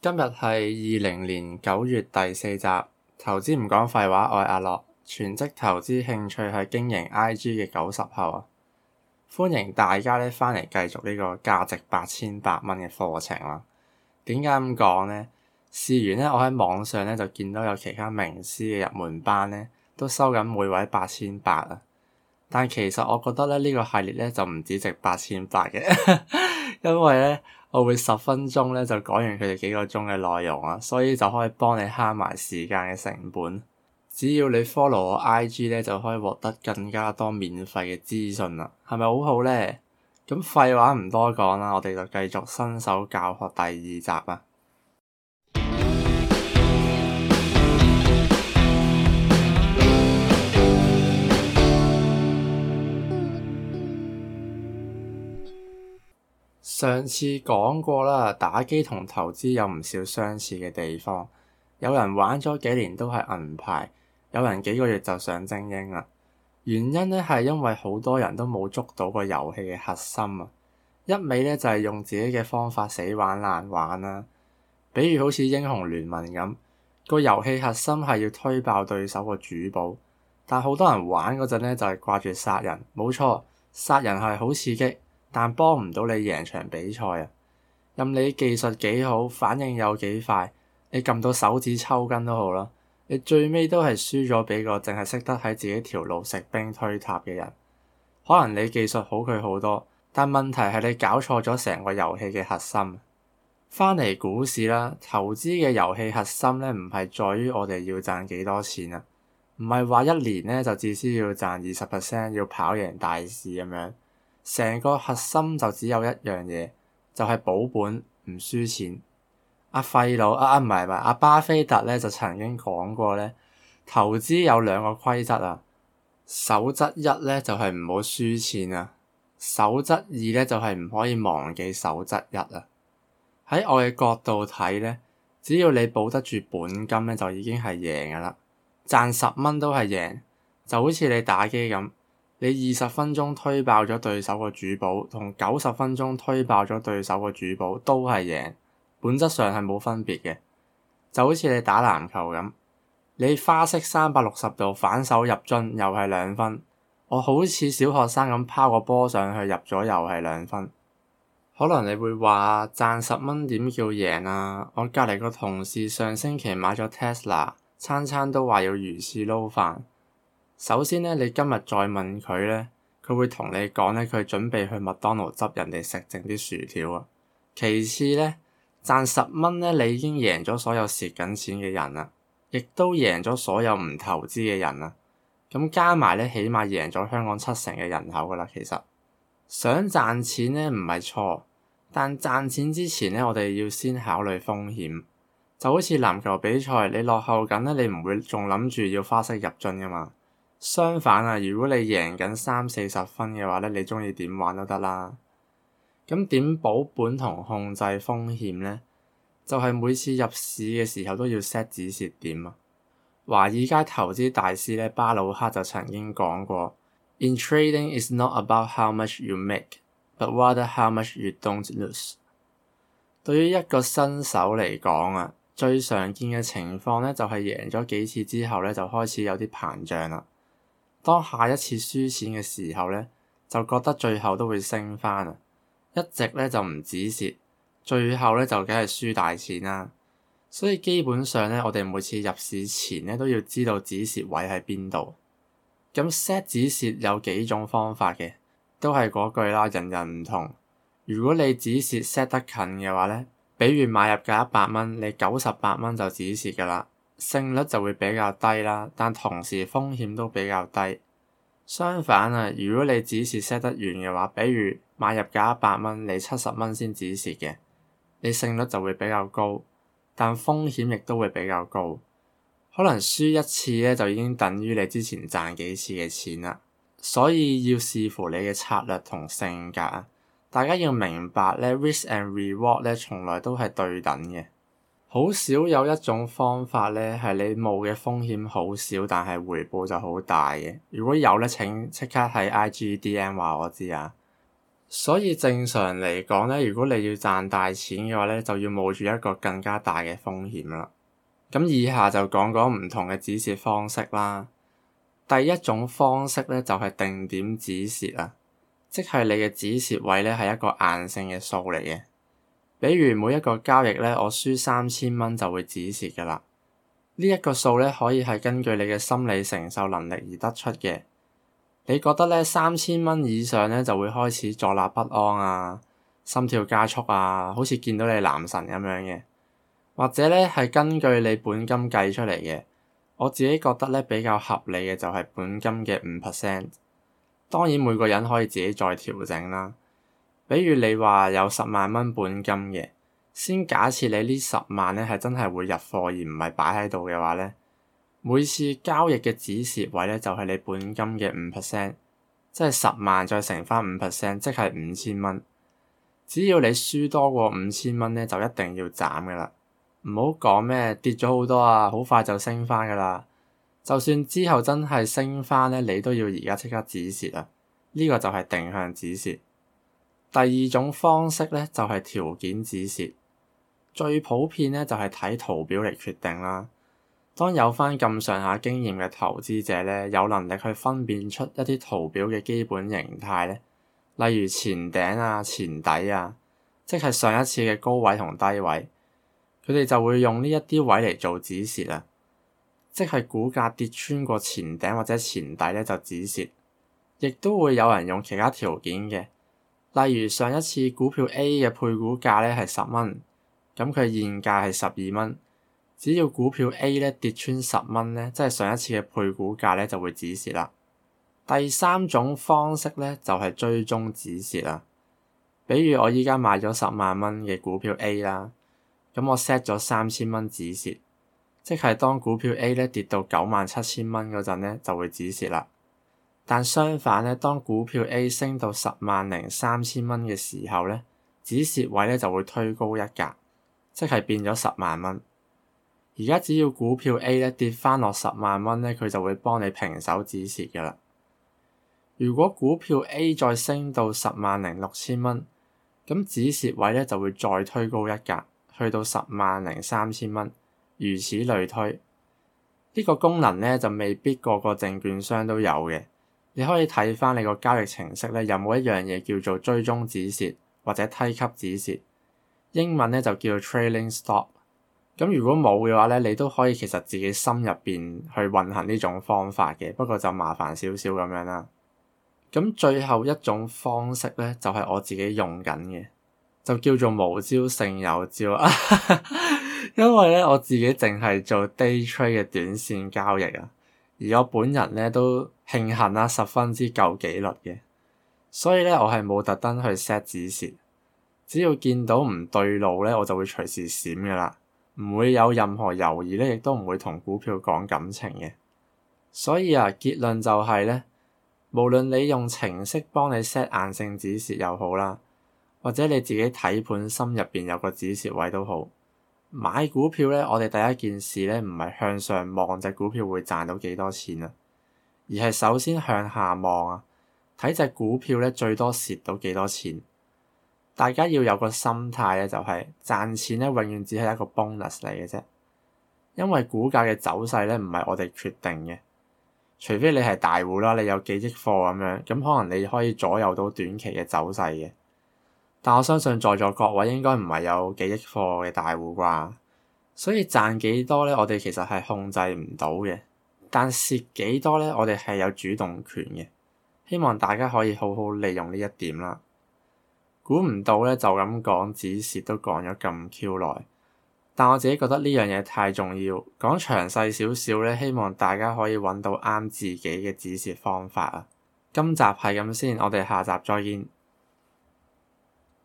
今日係二零年九月第四集，投資唔講廢話，我係阿樂，全職投資興趣係經營 I G 嘅九十後啊！歡迎大家咧翻嚟繼續呢個價值八千八蚊嘅課程啊。點解咁講呢？事源咧，我喺網上咧就見到有其他名師嘅入門班咧都收緊每位八千八啊！但其實我覺得咧呢個系列咧就唔止值八千八嘅， 因為咧。我會十分鐘咧就講完佢哋幾個鐘嘅內容啊，所以就可以幫你慳埋時間嘅成本。只要你 follow 我 IG 咧，就可以獲得更加多免費嘅資訊啦。係咪好好咧？咁廢話唔多講啦，我哋就繼續新手教學第二集啊！上次講過啦，打機同投資有唔少相似嘅地方。有人玩咗幾年都係銀牌，有人幾個月就上精英啦。原因咧係因為好多人都冇捉到個遊戲嘅核心啊！一味咧就係用自己嘅方法死玩爛玩啦。比如好似英雄聯盟咁，個遊戲核心係要推爆對手個主堡，但好多人玩嗰陣咧就係掛住殺人。冇錯，殺人係好刺激。但幫唔到你贏場比賽啊！任你技術幾好，反應有幾快，你撳到手指抽筋都好啦，你最尾都係輸咗俾個淨係識得喺自己條路食兵推塔嘅人。可能你技術好佢好多，但問題係你搞錯咗成個遊戲嘅核心。翻嚟股市啦，投資嘅遊戲核心咧，唔係在於我哋要賺幾多錢啊，唔係話一年咧就至少要賺二十 percent，要跑贏大市咁樣。成個核心就只有一樣嘢，就係、是、保本唔輸錢。阿費老啊啊，唔係唔係，阿、啊啊、巴菲特咧就曾經講過咧，投資有兩個規則啊。守則一咧就係唔好輸錢啊。守則二咧就係、是、唔可以忘記守則一啊。喺我嘅角度睇咧，只要你保得住本金咧，就已經係贏噶啦。賺十蚊都係贏，就好似你打機咁。你二十分鐘推爆咗對手個主堡，同九十分鐘推爆咗對手個主堡都係贏，本質上係冇分別嘅。就好似你打籃球咁，你花式三百六十度反手入樽又係兩分，我好似小學生咁拋個波上去入咗又係兩分。可能你會話賺十蚊點叫贏啊？我隔籬個同事上星期買咗 Tesla，餐餐都話要魚翅撈飯。首先咧，你今日再問佢咧，佢會同你講咧，佢準備去麥當勞執人哋食剩啲薯條啊。其次咧，賺十蚊咧，你已經贏咗所有蝕緊錢嘅人啦，亦都贏咗所有唔投資嘅人啦。咁加埋咧，起碼贏咗香港七成嘅人口㗎喇。其實想賺錢咧，唔係錯，但賺錢之前咧，我哋要先考慮風險。就好似籃球比賽，你落後緊咧，你唔會仲諗住要花式入樽㗎嘛。相反啊，如果你贏緊三四十分嘅話咧，你中意點玩都得啦。咁點保本同控制風險咧？就係、是、每次入市嘅時候都要 set 止蝕點啊。華爾街投資大師咧巴魯克就曾經講過：In trading is not about how much you make，but rather how much you don't lose。對於一個新手嚟講啊，最常見嘅情況咧就係贏咗幾次之後咧就開始有啲膨脹啦。當下一次輸錢嘅時候咧，就覺得最後都會升翻啊，一直咧就唔止蝕，最後咧就梗係輸大錢啦。所以基本上咧，我哋每次入市前咧都要知道止蝕位喺邊度。咁 set 止蝕有幾種方法嘅，都係嗰句啦，人人唔同。如果你止蝕 set 得近嘅話咧，比如買入嘅一百蚊，你九十八蚊就止蝕噶啦。勝率就會比較低啦，但同時風險都比較低。相反啊，如果你止蝕 set 得遠嘅話，比如買入價一百蚊，你七十蚊先止蝕嘅，你勝率就會比較高，但風險亦都會比較高。可能輸一次咧，就已經等於你之前賺幾次嘅錢啦。所以要視乎你嘅策略同性格啊。大家要明白咧，risk and reward 咧，從來都係對等嘅。好少有一種方法咧，係你冒嘅風險好少，但係回報就好大嘅。如果有咧，請即刻喺 IG DM 話我知啊。所以正常嚟講咧，如果你要賺大錢嘅話咧，就要冒住一個更加大嘅風險啦。咁以下就講講唔同嘅止蝕方式啦。第一種方式咧，就係定點止蝕啊，即係你嘅止蝕位咧係一個硬性嘅數嚟嘅。比如每一個交易咧，我輸三千蚊就會止蝕嘅啦。這個、數呢一個數咧可以係根據你嘅心理承受能力而得出嘅。你覺得咧三千蚊以上咧就會開始坐立不安啊、心跳加速啊，好似見到你男神咁樣嘅。或者咧係根據你本金計出嚟嘅。我自己覺得咧比較合理嘅就係本金嘅五 percent。當然每個人可以自己再調整啦。比如你話有十萬蚊本金嘅，先假設你呢十萬咧係真係會入貨而唔係擺喺度嘅話咧，每次交易嘅止蝕位咧就係你本金嘅五 percent，即係十萬再乘翻五 percent，即係五千蚊。只要你輸多過五千蚊咧，就一定要斬噶啦。唔好講咩跌咗好多啊，好快就升翻噶啦。就算之後真係升翻咧，你都要而家即刻止蝕啊！呢個就係定向止蝕。第二種方式咧就係、是、條件止蝕，最普遍咧就係、是、睇圖表嚟決定啦。當有翻咁上下經驗嘅投資者咧，有能力去分辨出一啲圖表嘅基本形態咧，例如前頂啊、前底啊，即係上一次嘅高位同低位，佢哋就會用呢一啲位嚟做止蝕啦。即係股價跌穿過前頂或者前底咧，就止蝕。亦都會有人用其他條件嘅。例如上一次股票 A 嘅配股價咧係十蚊，咁佢現價係十二蚊，只要股票 A 咧跌穿十蚊咧，即係上一次嘅配股價咧就會止蝕啦。第三種方式咧就係追蹤止蝕啦，比如我依家買咗十萬蚊嘅股票 A 啦，咁我 set 咗三千蚊止蝕，即係當股票 A 咧跌到九萬七千蚊嗰陣咧就會止蝕啦。但相反咧，當股票 A 升到十萬零三千蚊嘅時候咧，止蝕位咧就會推高一格，即係變咗十萬蚊。而家只要股票 A 咧跌翻落十萬蚊咧，佢就會幫你平手止蝕㗎啦。如果股票 A 再升到十萬零六千蚊，咁止蝕位咧就會再推高一格，去到十萬零三千蚊，如此類推。呢個功能咧就未必個個證券商都有嘅。你可以睇翻你個交易程式咧，有冇一樣嘢叫做追蹤止蝕或者梯級止蝕？英文咧就叫做 trailing stop。咁如果冇嘅話咧，你都可以其實自己心入邊去運行呢種方法嘅，不過就麻煩少少咁樣啦。咁最後一種方式咧，就係、是、我自己用緊嘅，就叫做無招勝有招， 因為咧我自己淨係做 day trade 嘅短線交易啊，而我本人咧都。慶幸啦，十分之夠紀律嘅，所以咧，我係冇特登去 set 止蝕，只要見到唔對路咧，我就會隨時閃噶啦，唔會有任何猶豫咧，亦都唔會同股票講感情嘅。所以啊，結論就係、是、咧，無論你用程式幫你 set 硬性止蝕又好啦，或者你自己睇盤心入邊有個止蝕位都好，買股票咧，我哋第一件事咧，唔係向上望隻股票會賺到幾多錢啊。而係首先向下望啊，睇隻股票咧，最多蝕到幾多錢？大家要有個心態咧、就係，就係賺錢咧，永遠只係一個 bonus 嚟嘅啫。因為股價嘅走勢咧，唔係我哋決定嘅，除非你係大戶啦，你有幾億貨咁樣，咁可能你可以左右到短期嘅走勢嘅。但我相信在座各位應該唔係有幾億貨嘅大戶啩，所以賺幾多咧？我哋其實係控制唔到嘅。但蝕幾多咧？我哋係有主動權嘅，希望大家可以好好利用呢一點啦。估唔到咧就咁講止蝕都講咗咁 Q 耐，但我自己覺得呢樣嘢太重要，講詳細少少咧，希望大家可以揾到啱自己嘅止蝕方法啊。今集係咁先，我哋下集再見。